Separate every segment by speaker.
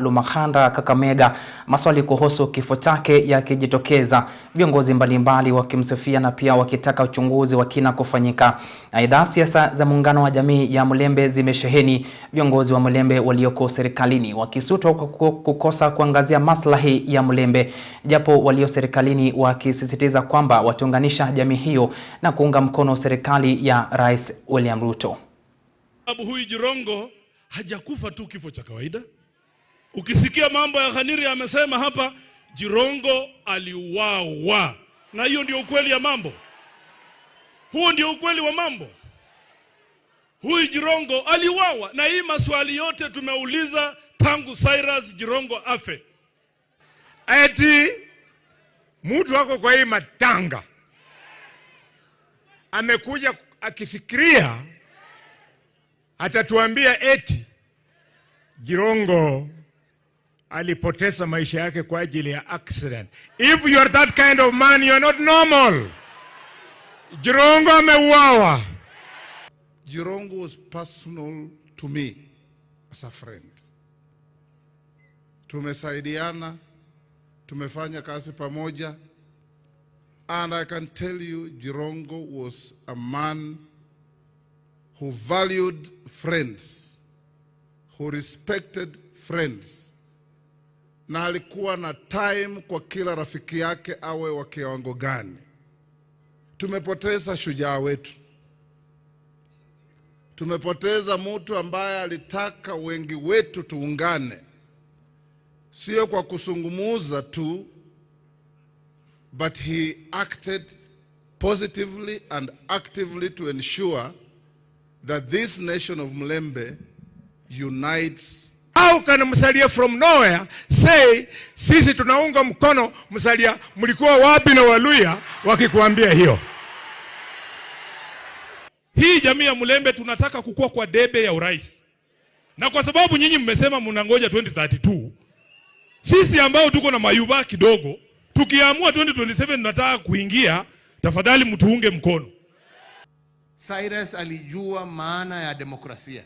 Speaker 1: Lumakanda, Kakamega, maswali kuhusu kifo chake yakijitokeza, viongozi mbalimbali wakimsifia na pia wakitaka uchunguzi wa kina kufanyika. Aidha, siasa za muungano wa jamii ya Mlembe zimesheheni viongozi wa Mlembe walioko serikalini wakisutwa kukosa kuangazia maslahi ya Mlembe, japo walio serikalini wakisisitiza kwamba wataunganisha jamii hiyo na kuunga mkono serikali ya Rais William Ruto.
Speaker 2: Sababu huyu Jirongo hajakufa tu kifo cha kawaida. Ukisikia mambo ya Khaniri amesema hapa, Jirongo aliuawa, na hiyo ndio ukweli ya mambo. Huo ndio ukweli wa mambo. Huyu Jirongo aliuawa, na hii maswali yote tumeuliza tangu Cyrus Jirongo afe.
Speaker 3: Eti mtu wako kwa hii matanga amekuja akifikiria atatuambia eti Jirongo alipoteza maisha yake kwa ajili ya accident. If you are that kind of man, you are not normal. Jirongo ameuawa.
Speaker 4: Jirongo was personal to me as a friend. Tumesaidiana, tumefanya kazi pamoja. And I can tell you Jirongo was a man who valued friends, who respected friends na alikuwa na time kwa kila rafiki yake, awe wa kiwango gani. Tumepoteza shujaa wetu, tumepoteza mtu ambaye alitaka wengi wetu tuungane, sio kwa kusungumuza tu, but he acted positively and actively to ensure that this nation of Mlembe unites.
Speaker 2: How can Msalia from nowhere say sisi tunaunga mkono msalia. Mlikuwa wapi na Waluya wakikuambia hiyo? Hii jamii ya Mulembe tunataka kukua kwa debe ya urais, na kwa sababu nyinyi mmesema mnangoja 2032 sisi ambao tuko na mayuba kidogo, tukiamua 2027 tunataka kuingia, tafadhali mtuunge mkono.
Speaker 5: Cyrus alijua maana ya demokrasia,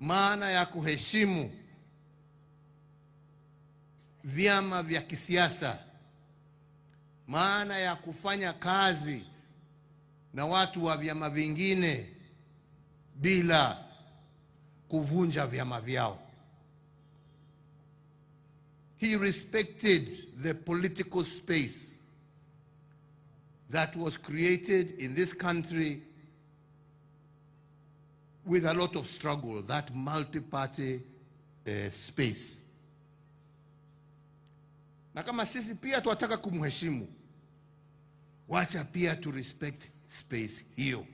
Speaker 5: maana ya kuheshimu vyama vya kisiasa. Maana ya kufanya kazi na watu wa vyama vingine bila kuvunja vyama vyao. He respected the political space that was created in this country with a lot of struggle, that multi-party uh, space. na kama sisi pia tuwataka kumheshimu, wacha pia tu respect space hiyo.